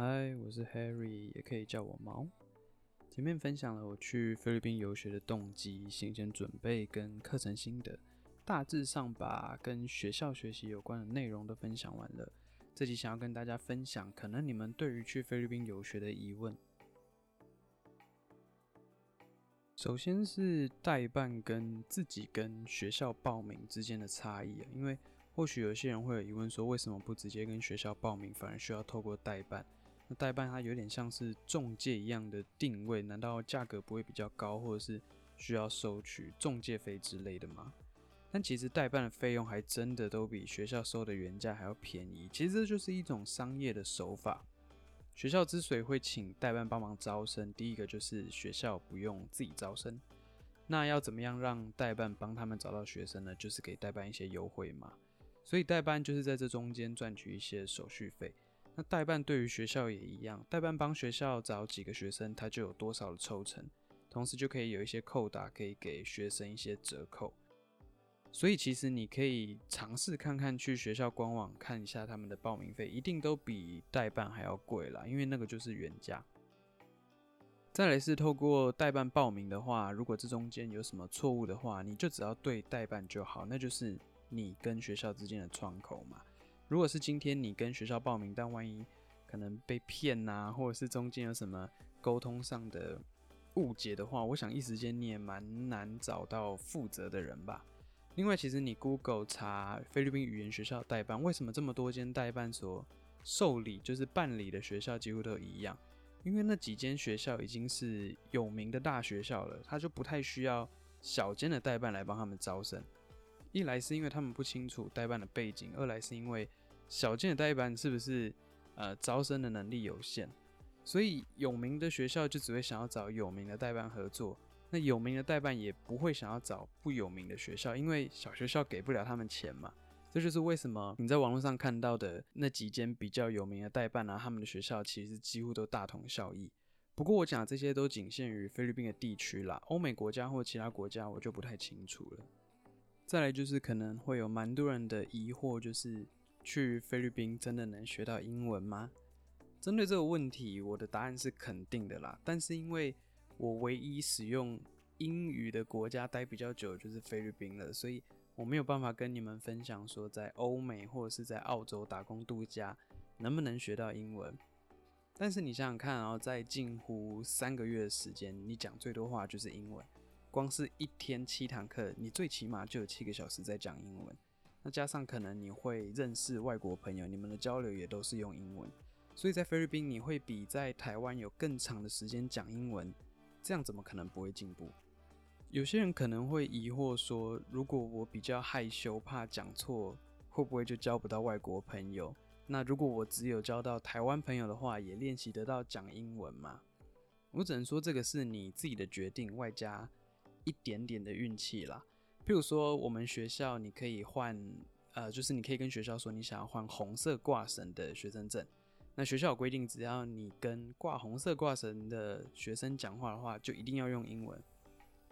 嗨，Hi, 我是 Harry，也可以叫我貓。前面分享了我去菲律賓遊學的動機、行程準備跟課程心得，大致上把跟學校學習有關的內容都分享完了。這集想要跟大家分享，可能你們對於去菲律賓遊學的疑問，首先是代辦跟自己跟學校報名之間的差異啊，因為或許有些人會有疑問，說為什麼不直接跟學校報名，反而需要透過代辦？那代辦它有點像是中介一樣的定位，難道價格不會比較高，或者是需要收取中介費之類的嗎？但其實代辦的費用還真的都比學校收的原價還要便宜，其實這就是一種商業的手法。學校之所以會請代辦幫忙招生，第一個就是學校不用自己招生。那要怎麼樣讓代辦幫他們找到學生呢？就是給代辦一些優惠嘛。所以代辦就是在這中間賺取一些手續費。那代辦對於學校也一樣，代辦幫學校找幾個學生，他就有多少的抽成，同時就可以有一些扣打，可以給學生一些折扣。所以其實你可以嘗試看看，去學校官網看一下他們的報名費，一定都比代辦還要貴啦，因為那個就是原價。再來是透過代辦報名的話，如果這中間有什麼錯誤的話，你就只要對代辦就好，那就是你跟學校之間的窗口嘛。如果是今天你跟學校報名，但萬一可能被騙吶、啊，或者是中間有什麼溝通上的誤解的話，我想一時間你也蠻難找到負責的人吧。另外，其實你 Google 查菲律賓語言學校代辦，為什麼這麼多間代辦所受理就是辦理的學校幾乎都一樣？因為那幾間學校已經是有名的大學校了，他就不太需要小間的代辦來幫他們招生。一來是因為他們不清楚代辦的背景，二來是因為。小間的代辦是不是呃招生的能力有限，所以有名的學校就只會想要找有名的代辦合作。那有名的代辦也不會想要找不有名的學校，因為小學校給不了他們錢嘛。這就是為什麼你在網絡上看到的那幾間比較有名的代辦呢、啊，他們的學校其實幾乎都大同小異。不過我講的這些都僅限於菲律賓的地區啦，歐美國家或其他國家我就不太清楚了。再來就是可能會有蠻多人的疑惑，就是。去菲律賓真的能學到英文嗎？針對這個問題，我的答案是肯定的啦。但是因為我唯一使用英語的國家待比較久就是菲律賓了，所以我沒有辦法跟你們分享說在歐美或者是在澳洲打工度假能不能學到英文。但是你想想看，哦，然後在近乎三個月的時間，你講最多話就是英文，光是一天七堂課，你最起碼就有七個小時在講英文。加上可能你會認識外國朋友，你們的交流也都是用英文，所以在菲律賓你會比在台灣有更長的時間講英文，這樣怎麼可能不會進步？有些人可能會疑惑說，如果我比較害羞，怕講錯，會不會就交不到外國朋友？那如果我只有交到台灣朋友的話，也練習得到講英文嗎？我只能說這個是你自己的決定，外加一點點的運氣啦。比如說，我們學校你可以換，呃，就是你可以跟學校說你想要換紅色掛繩的學生證。那學校有規定，只要你跟掛紅色掛繩的學生講話的話，就一定要用英文。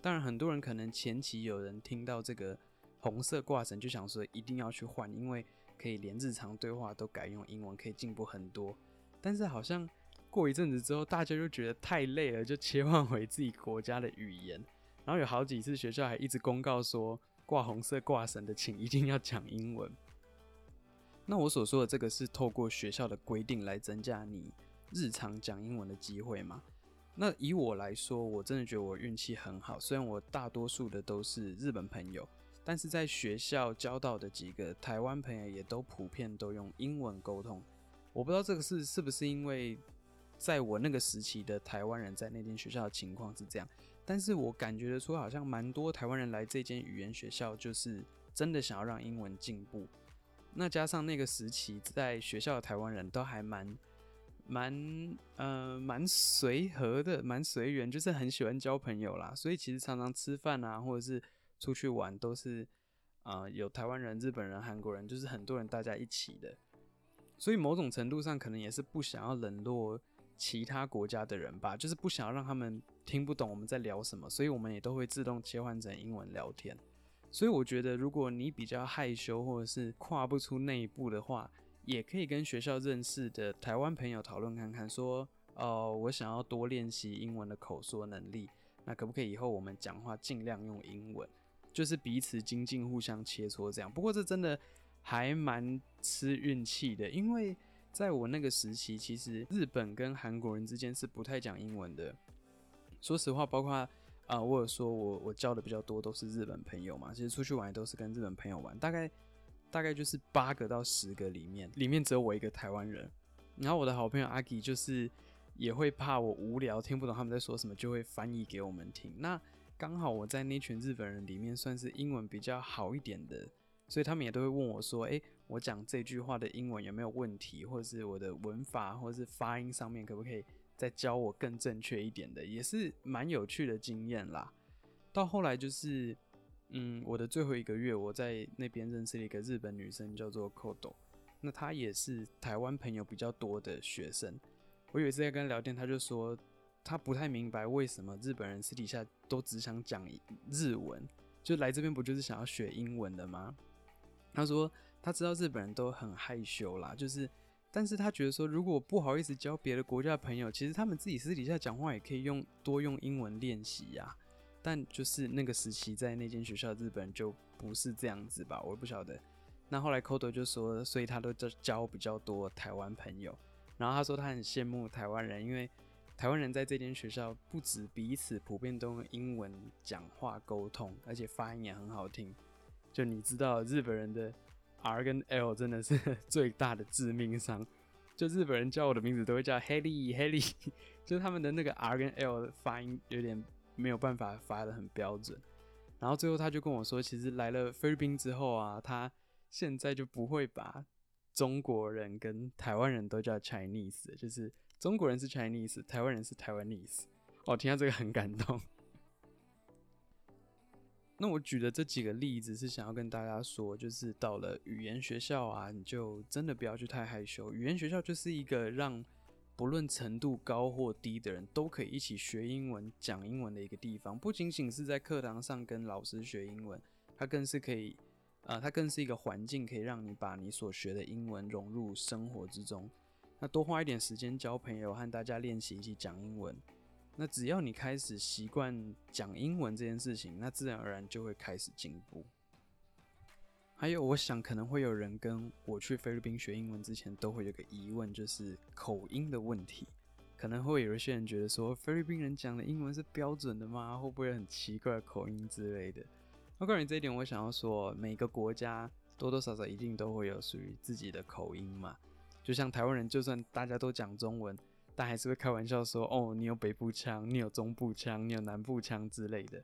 當然，很多人可能前期有人聽到這個紅色掛繩就想說一定要去換，因為可以連日常對話都改用英文，可以進步很多。但是好像過一陣子之後，大家就覺得太累了，就切換回自己國家的語言。然後有好幾次，學校還一直公告說，掛紅色掛繩的請一定要講英文。那我所說的這個是透過學校的規定來增加你日常講英文的機會嗎？那以我來說，我真的覺得我運氣很好。雖然我大多數的都是日本朋友，但是在學校交到的幾個台灣朋友也都普遍都用英文溝通。我不知道這個是是不是因為在我那個時期的台灣人在那間學校的情況是這樣。但是我感覺得出，好像蠻多台灣人來這間語言學校，就是真的想要讓英文進步。那加上那個時期，在學校的台灣人都還蠻蠻，呃，蠻隨和的，蠻隨緣，就是很喜歡交朋友啦。所以其實常常吃飯啊，或者是出去玩，都是啊、呃、有台灣人、日本人、韓國人，就是很多人大家一起的。所以某種程度上，可能也是不想要冷落其他國家的人吧，就是不想要讓他們。聽不懂我們在聊什麼，所以我們也都會自動切換成英文聊天。所以我覺得，如果你比較害羞或者是跨不出那一步的話，也可以跟學校認識的台灣朋友討論看看，說，哦、呃，我想要多練習英文的口說能力，那可不可以以後我們講話盡量用英文，就是彼此精進、互相切磋這樣。不過這真的還蠻吃運氣的，因為在我那個時期，其實日本跟韓國人之間是不太講英文的。說實話，包括啊、呃，我有說我，我我交的比較多都是日本朋友嘛，其實出去玩也都是跟日本朋友玩，大概大概就是八個到十個裡面，裡面只有我一個台灣人。然後我的好朋友阿吉就是也會怕我無聊，聽不懂他們在說什麼，就會翻譯給我們聽。那剛好我在那群日本人裡面算是英文比較好一點的，所以他們也都會問我說，哎、欸，我講這句話的英文有沒有問題，或者是我的文法，或者是發音上面可不可以？再教我更正確一點的，也是蠻有趣的經驗啦。到後來就是，嗯，我的最後一個月，我在那邊認識了一個日本女生，叫做 Codo，那她也是台灣朋友比較多的學生。我有一次在跟她聊天，她就說她不太明白為什麼日本人私底下都只想講日文，就來這邊不就是想要學英文的嗎？她說她知道日本人都很害羞啦，就是。但是他覺得說，如果不好意思交別的國家的朋友，其實他們自己私底下講話也可以用多用英文練習呀。但就是那個時期在那間學校，日本人就不是這樣子吧？我不曉得。那後來 Koto 就說，所以他都交比較多台灣朋友。然後他說他很羨慕台灣人，因為台灣人在這間學校不止彼此普遍都用英文講話溝通，而且發音也很好聽。就你知道日本人的。R 跟 L 真的是最大的致命傷，就日本人叫我的名字都會叫 Helly Helly，就是他們的那個 R 跟 L 的發音有點沒有辦法發的很標準。然後最後他就跟我說，其實來了菲律賓之後啊，他現在就不會把中國人跟台灣人都叫 Chinese，就是中國人是 Chinese，台灣人是 Taiwanese。哦，聽到這個很感動。那我舉的這幾個例子是想要跟大家說，就是到了語言學校啊，你就真的不要去太害羞。語言學校就是一個讓不論程度高或低的人都可以一起學英文、講英文的一個地方。不僅僅是在課堂上跟老師學英文，它更是可以，啊、呃，它更是一個環境，可以讓你把你所學的英文融入生活之中。那多花一點時間交朋友，和大家練習一起講英文。那只要你開始習慣講英文這件事情，那自然而然就會開始進步。還有，我想可能會有人跟我去菲律賓學英文之前都會有個疑問，就是口音的問題。可能會有一些人覺得說，菲律賓人講的英文是標準的嗎？會不會很奇怪的口音之類的？那關於這一點，我想要說，每個國家多多少少一定都會有屬於自己的口音嘛。就像台灣人，就算大家都講中文。但還是會開玩笑說：“哦，你有北部腔，你有中部腔，你有南部腔之類的。”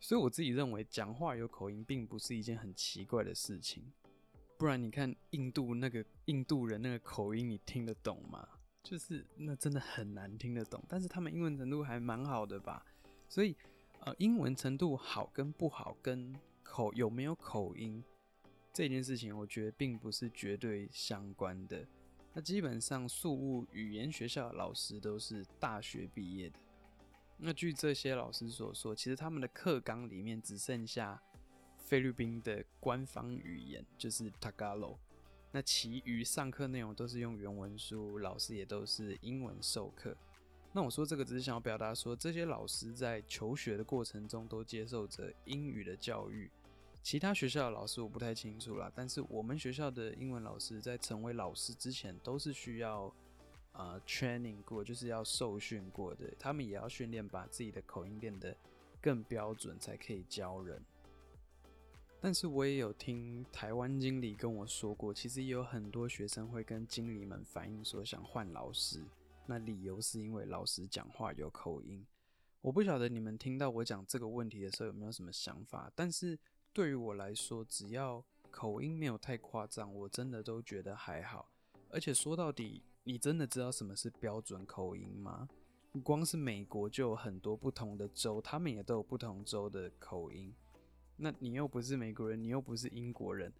所以我自己認為，講話有口音並不是一件很奇怪的事情。不然你看印度那個印度人那個口音，你聽得懂嗎？就是那真的很難聽得懂。但是他們英文程度還蠻好的吧？所以呃，英文程度好跟不好，跟口有沒有口音這件事情，我覺得並不是絕對相關的。那基本上，宿霧語言學校的老師都是大學畢業的。那據這些老師所說，其實他們的課綱裡面只剩下菲律賓的官方語言，就是 Tagalog。那其餘上課內容都是用原文書，老師也都是英文授課。那我說這個，只是想要表達說，這些老師在求學的過程中都接受着英語的教育。其他學校的老師我不太清楚了，但是我們學校的英文老師在成為老師之前都是需要呃 training 過，就是要受訓過的，他們也要訓練把自己的口音變得更標準，才可以教人。但是我也有聽台灣經理跟我說過，其實也有很多學生會跟經理們反映說想換老師，那理由是因為老師講話有口音。我不曉得你們聽到我講這個問題的時候有沒有什麼想法，但是。對於我來說，只要口音沒有太誇張，我真的都覺得還好。而且說到底，你真的知道什麼是標準口音嗎？光是美國就有很多不同的州，他們也都有不同州的口音。那你又不是美國人，你又不是英國人。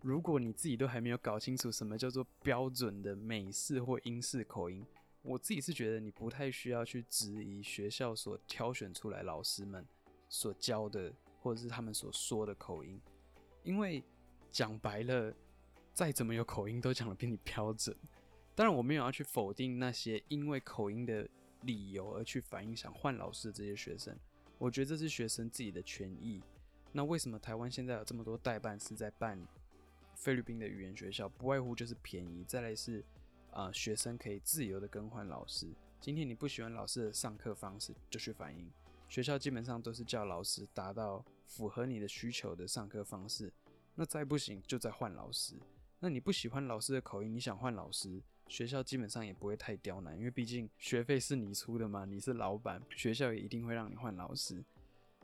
如果你自己都還沒有搞清楚什麼叫做標準的美式或英式口音，我自己是覺得你不太需要去質疑學校所挑選出來老師們所教的。或者是他們所說的口音，因為講白了，再怎麼有口音都講得比你標準。當然，我沒有要去否定那些因為口音的理由而去反映想換老師的這些學生。我覺得這是學生自己的權益。那為什麼台灣現在有這麼多代辦是在辦菲律賓的語言學校？不外乎就是便宜，再來是啊、呃，學生可以自由地更換老師。今天你不喜歡老師的上課方式，就去反映。學校基本上都是叫老師達到符合你的需求的上課方式，那再不行就再換老師。那你不喜歡老師的口音，你想換老師，學校基本上也不會太刁難，因為畢竟學費是你出的嘛，你是老板，學校也一定會讓你換老師。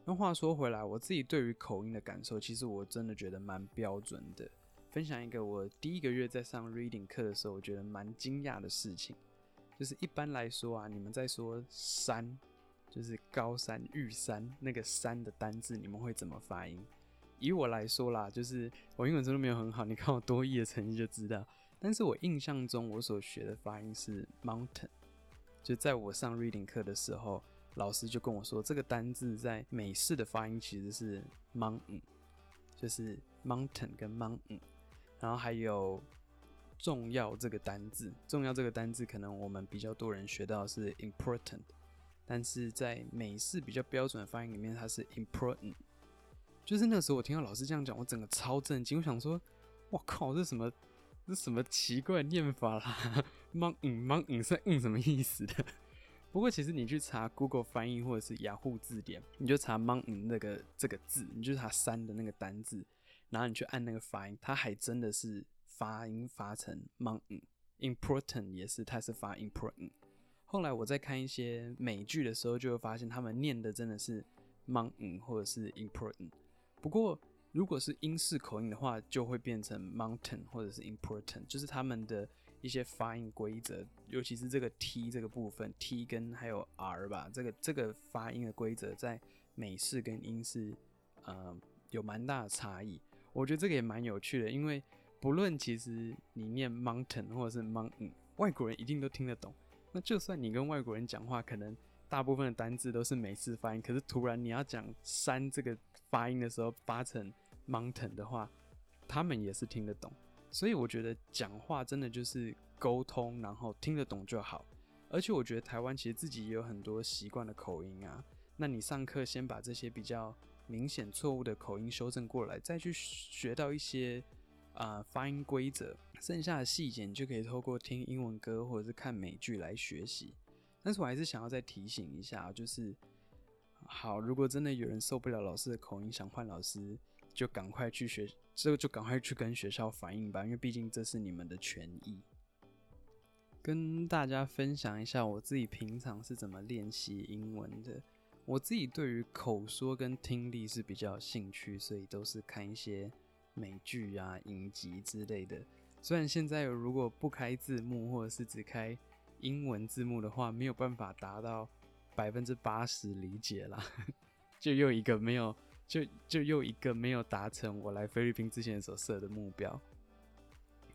那話說回來，我自己對於口音的感受，其實我真的覺得蠻標準的。分享一個我第一個月在上 reading 課的時候，我覺得蠻驚訝的事情，就是一般來說啊，你們在說三，就是高山玉山那個山的單字，你們會怎麼發音？以我來說啦，就是我英文真的沒有很好，你看我多益的成績就知道。但是我印象中我所學的發音是 mountain，就在我上 reading 課的時候，老師就跟我說這個單字在美式的發音其實是 mountain，就是 mountain 跟 mountain。然後還有重要這個單字，重要這個單字可能我們比較多人學到是 important。但是在美式比較標準的發音裡面，它是 important，就是那時候我聽到老師這樣講，我整個超震驚，我想說，我靠，這什麼，這什麼奇怪的念法啦？mountain、嗯、mountain 是、嗯嗯、什麼意思的？不過其實你去查 Google 翻譯或者是雅虎、ah、字典，你就查 mountain 那個這個字，你就查山的那個單字，然後你去按那個發音，它還真的是發音發成 mountain。important，也是，它是發 important。後來我在看一些美劇的時候，就會發現他們念的真的是 mountain 或者是 important。不過如果是英式口音的話，就會變成 mountain 或者是 important。就是他們的一些發音規則，尤其是這個 t 這個部分，t 跟還有 r 吧，這個這個發音的規則在美式跟英式呃有蠻大的差異。我覺得這個也蠻有趣的，因為不論其實你念 mountain 或者是 mountain，外國人一定都聽得懂。那就算你跟外國人講話，可能大部分的單字都是美式發音，可是突然你要講「山」這個發音的時候發成 mountain 的話，他們也是聽得懂。所以我覺得講話真的就是溝通，然後聽得懂就好。而且我覺得台灣其實自己也有很多習慣的口音啊，那你上課先把這些比較明顯錯誤的口音修正過來，再去學到一些啊、呃、發音規則。剩下的細節，你就可以透過聽英文歌或者是看美劇來學習。但是我還是想要再提醒一下，就是好，如果真的有人受不了老師的口音，想換老師，就趕快去學，這個就趕快去跟學校反映吧，因為畢竟這是你們的權益。跟大家分享一下我自己平常是怎麼練習英文的。我自己對於口說跟聽力是比較有興趣，所以都是看一些美劇啊、影集之類的。雖然現在如果不開字幕，或者是只開英文字幕的話，沒有辦法達到百分之八十理解啦， 就又一個沒有，就就又一個沒有達成我來菲律賓之前所設的目標。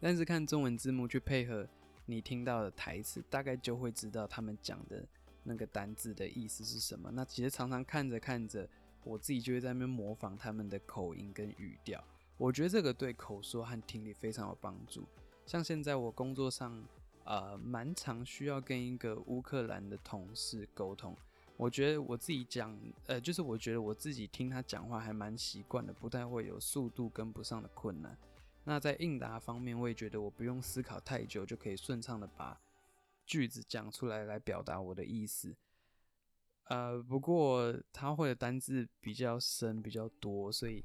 但是看中文字幕去配合你聽到的台詞，大概就會知道他們講的那個單字的意思是什麼。那其實常常看着看着，我自己就會在那邊模仿他們的口音跟語調。我覺得這個對口說和聽力非常有幫助。像現在我工作上，呃，蠻常需要跟一個烏克蘭的同事溝通。我覺得我自己講，呃，就是我覺得我自己聽他講話還蠻習慣的，不太會有速度跟不上的困難。那在應答方面，我也覺得我不用思考太久就可以順暢的把句子講出來來表達我的意思。呃，不過他會的單字比較深，比較多，所以。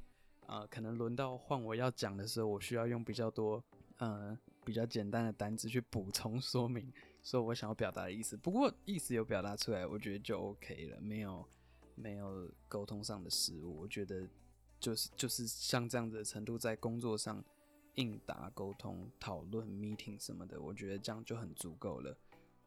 啊、呃，可能輪到換我要講的時候，我需要用比較多，呃，比較簡單的單字去補充說明，說我想要表達的意思。不過意思有表達出來，我覺得就 OK 了，沒有沒有溝通上的失誤。我覺得就是就是像這樣子的程度，在工作上應答、溝通、討論、meeting 什麼的，我覺得這樣就很足夠了。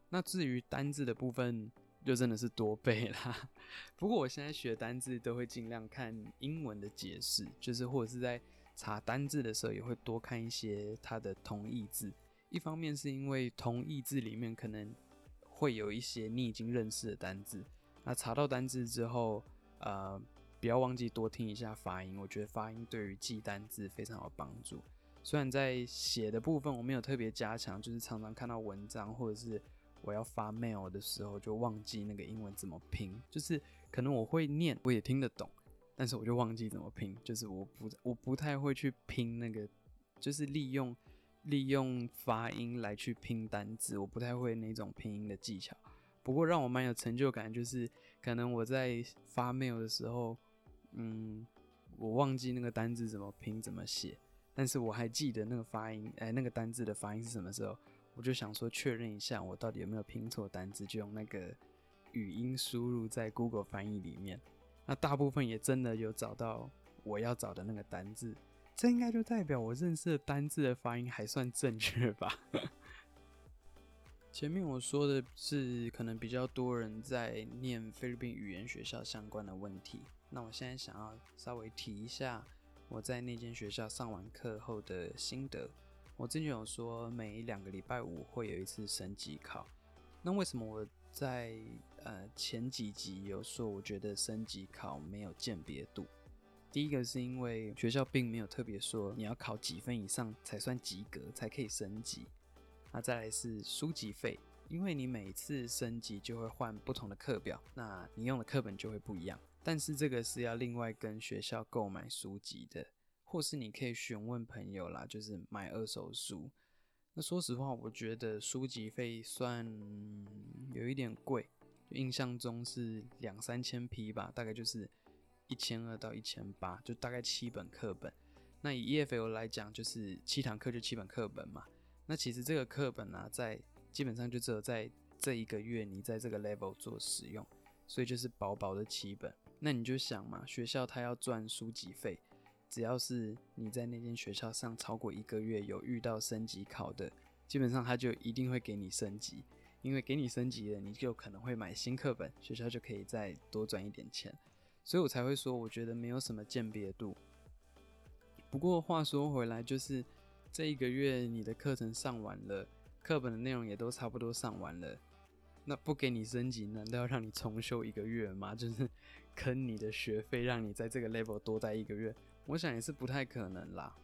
那至於單字的部分，就真的是多背啦，不過我現在學單字都會盡量看英文的解釋，就是或者是在查單字的時候也會多看一些它的同義字。一方面是因為同義字裡面可能會有一些你已經認識的單字，那查到單字之後，呃，不要忘記多聽一下發音。我覺得發音對於記單字非常有幫助。雖然在寫的部分我沒有特別加強，就是常常看到文章或者是。我要發 mail 的時候，就忘記那個英文怎麼拼，就是可能我會念，我也聽得懂，但是我就忘記怎麼拼，就是我不我不太會去拼那個，就是利用利用發音來去拼單字，我不太會那種拼音的技巧。不過讓我蠻有成就感，就是可能我在發 mail 的時候，嗯，我忘記那個單字怎麼拼怎麼寫，但是我還記得那個發音，哎、欸，那個單字的發音是什麼時候。我就想說，確認一下我到底有沒有拼錯單字，就用那個語音輸入在 Google 翻譯裡面。那大部分也真的有找到我要找的那個單字，這應該就代表我認識的單字的發音還算正確吧？ 前面我說的是可能比較多人在念菲律賓語言學校相關的問題，那我現在想要稍微提一下我在那間學校上完課後的心得。我之前有說，每兩個禮拜五會有一次升級考。那為什麼我在呃前幾集有說，我覺得升級考沒有鑑別度？第一個是因為學校並沒有特別說，你要考幾分以上才算及格，才可以升級。那再來是書籍費，因為你每次升級就會換不同的課表，那你用的課本就會不一樣。但是這個是要另外跟學校購買書籍的。或是你可以詢問朋友啦，就是買二手書。那說實話，我覺得書籍費算、嗯、有一點貴，印象中是兩三千披吧，大概就是一千二到一千八，就大概七本課本。那以 EFL 來講，就是七堂課就七本課本嘛。那其實這個課本呢、啊，在基本上就只有在這一個月你在這個 level 做使用，所以就是薄薄的七本。那你就想嘛，學校它要賺書籍費。只要是你在那間學校上超過一個月，有遇到升級考的，基本上他就一定會給你升級，因為給你升級了，你就可能會買新課本，學校就可以再多賺一點錢，所以我才會說我覺得沒有什麼鑑別度。不過話說回來，就是這一個月你的課程上完了，課本的內容也都差不多上完了，那不給你升級，難道要讓你重修一個月嗎？就是坑你的學費，讓你在這個 level 多待一個月。我想也是不太可能啦。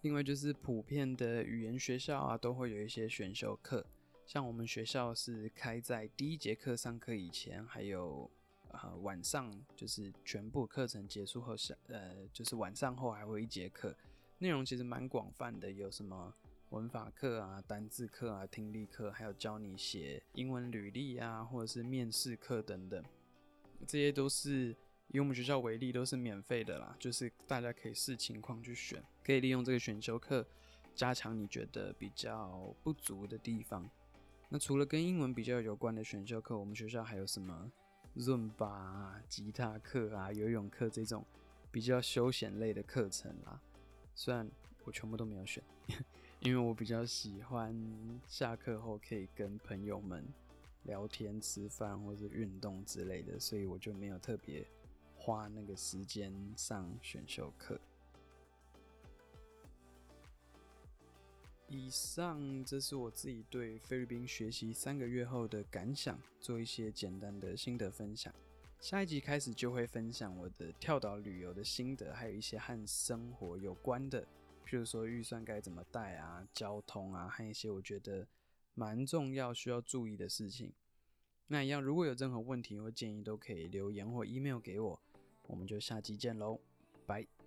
因為就是普遍的語言學校啊，都會有一些選修課。像我們學校是開在第一節課上課以前，還有呃晚上就是全部課程結束後下呃就是晚上後還會一節課，內容其實蠻廣泛的，有什麼文法課啊、單字課啊、聽力課，還有教你寫英文履歷啊，或者是面試課等等，這些都是。以我們學校為例，都是免費的啦，就是大家可以視情況去選，可以利用這個選修課加強你覺得比較不足的地方。那除了跟英文比較有關的選修課，我們學校還有什麼 Zumba、啊、吉他課啊、游泳課這種比較休閒類的課程啦。雖然我全部都沒有選，因為我比較喜歡下課後可以跟朋友們聊天、吃飯或者運動之類的，所以我就沒有特別。花那個時間上選修課。以上，這是我自己對菲律賓學習三個月後的感想，做一些簡單的心得分享。下一集開始就會分享我的跳島旅遊的心得，還有一些和生活有關的，譬如說預算該怎麼帶啊、交通啊，還有一些我覺得蠻重要需要注意的事情。那一樣，如果有任何問題或建議，都可以留言或 email 給我。我們就下期見嘍，拜拜。